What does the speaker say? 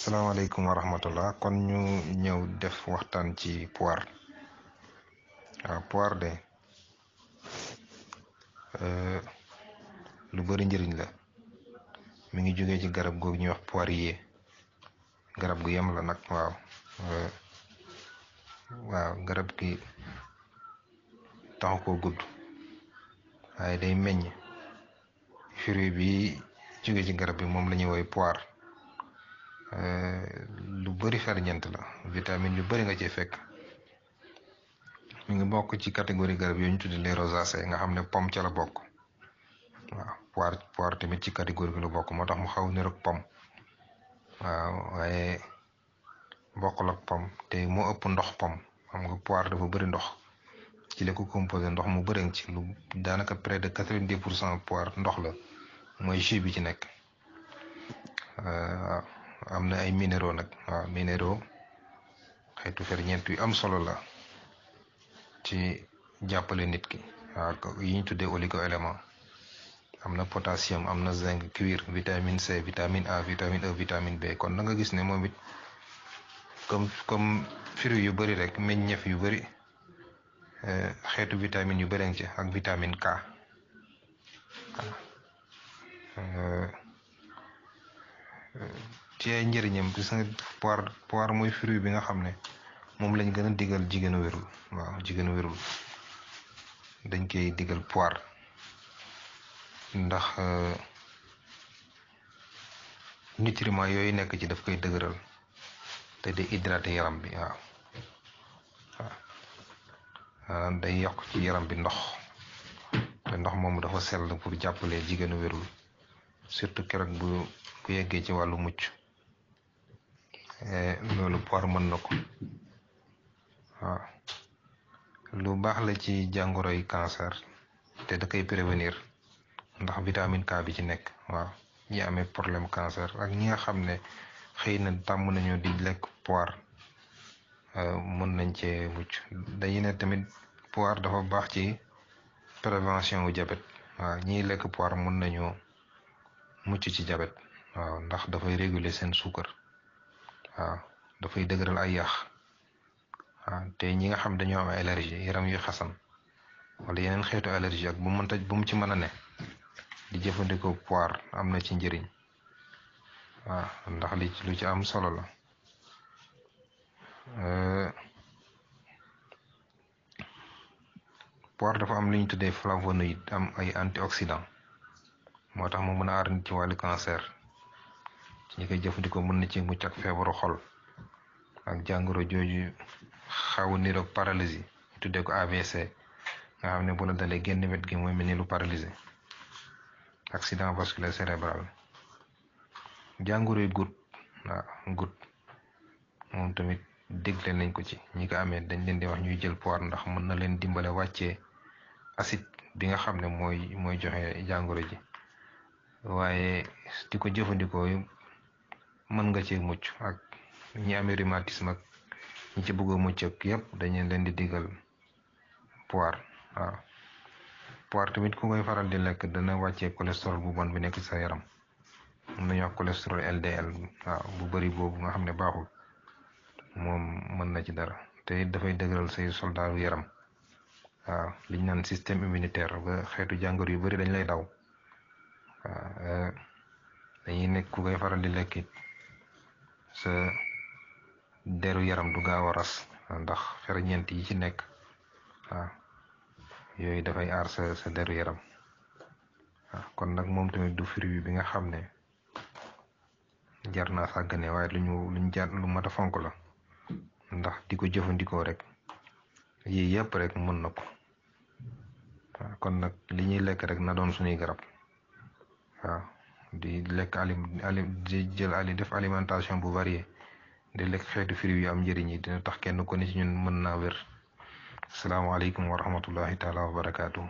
salaamaaleykum wa rahmatullah kon ñu ñëw def waxtaan ci poire waaw ah, poire de euh, lu bëri njëriñ la mi ngi jógee ci garab googu ñuy wax poirier garab gu yem la nag waaw garab gi taxu koo gudd waaye day meññ fruit bi jógee ci garab bi moom lañuy ñuy woy poire Eh, lu bëri ferñeent la vitamine lu bëri nga ciy fekk mi ngi bokk ci catégorie garab yooyu ñu tuddi les rosacées nga xam ne pom ca la bokk waaw poire poire tamit ci catégorie bi la bokk moo tax mu xaw ni rek pomme waaw waaye bokkul ak pom te moo ëpp ndox pomme xam nga poire dafa bëri ndox ci la ko composé ndox mu bëri ci lu daanaka près de quatre-vingt-dix pour cent poire ndox la mooy jus bi ci nekk eh, am na ay minéro nag waaw minéraux xeetu ferñeent yu am solo la ci jàppale nit ki waaw yi ñu tuddee oligo élément am na potassium am na zinc cuivre vitamine C vitamine A vitamine E vitamine B kon da nga gis ne moom it comme yu bëri rek meññeef yu bari eh, xeetu vitamine yu bëri ci ak vitamine K eh, ci ay njëriñam gis nga poire poire mooy fruit bi nga xam ne moom lañ gën a digal jigéenu wérul waaw jigéenu wérul dañ koy digal poire ndax euh, nutriments yooyu nekk ci daf koy dëgëral te di hydrater yaram bi waaw euh, day yokk ci yaram bi ndox te ndox moom dafa sell pour jàppale jigéenu wérul surtout keroog bu bu yeggee ci wàllu mucc Eh, loolu por mën na ko waaw lu baax la ci jàngoroy cancer te da koy prévenir ndax vitamine K bi ci nekk waaw ñi amee problème cancer ak ñi nga xam ne xëy na tàmm nañu di lekk poire euh, mën nañ cee mucc dañuy ne tamit poire dafa baax ci prévention wu jabet waaw ñiy lekk poire mën nañoo mucc ci jabet waaw ndax dafay réguler seen suukar waaw dafay dëgëral ay yax waaw te ñi nga xam dañoo am ay allergie yaram yuy xasan wala yeneen xeetu allergie ak bu mënta bu mu ci mën a ne di jëfandikoo poire am na ci njëriñ waaw ndax li lu ci am solo la poire dafa am lu ñu tuddee flavonoïde am ay antioxydant moo tax mu mën a aar nit ci wàllu cancer ci ñi koy jëfandikoo mën na ci mucc ak feebaru xol ak jàngoro jooju xaw niroog paralysie tu tuddee ko AVC nga xam ne bu la dalee génn gi mooy mel ni lu paralysé accident vasculaire cérébral jàngoro yi waaw gut moom tamit dégle nañ ko ci ñi ko amee dañ leen di wax ñuy jël poir ndax mën na leen dimbale wàcce acide bi nga xam ne mooy mooy joxe jàngoro ji waaye di ko jëfandikoo mën nga ci mucc ak ñi amee rhumatisme ak ñi ci bëgg a mucc yëpp dañu leen di digal poire waaw poire tamit ku koy faral di lekk dana wàccee cholestérol bu bon bi nekk sa yaram nañu wax cholestérol LDL waaw bu bëri boobu nga xam ne baaxul moom mën na ci dara te it dafay dëgëral say soldaaru yaram waaw li ñu naan système immunitaire xeetu jàngoro yu bëri dañ lay daw waaw eh, dañuy nekk ku koy faral di lekk sa deru yaram du gaaw a ras ndax ferñeent yi ci nekk yooyu dafay aar sa sa yaram kon nag moom tamit du fruit bi nga xam ne jar naa sàggane lu ñu lu ñu jar lu mat a fonk la ndax di ko jëfandikoo rek yi yëpp rek mën na ko kon nag li ñuy lekk rek na doon suñuy garab waaw di lekk alim di def alimentation bu variée di lekk xeetu fruits yu am njëriñ yi dina tax kenn ku ne ci ñun mën naa wér asalaamaaleykum wa rahmatullahi taala wa barakaatu.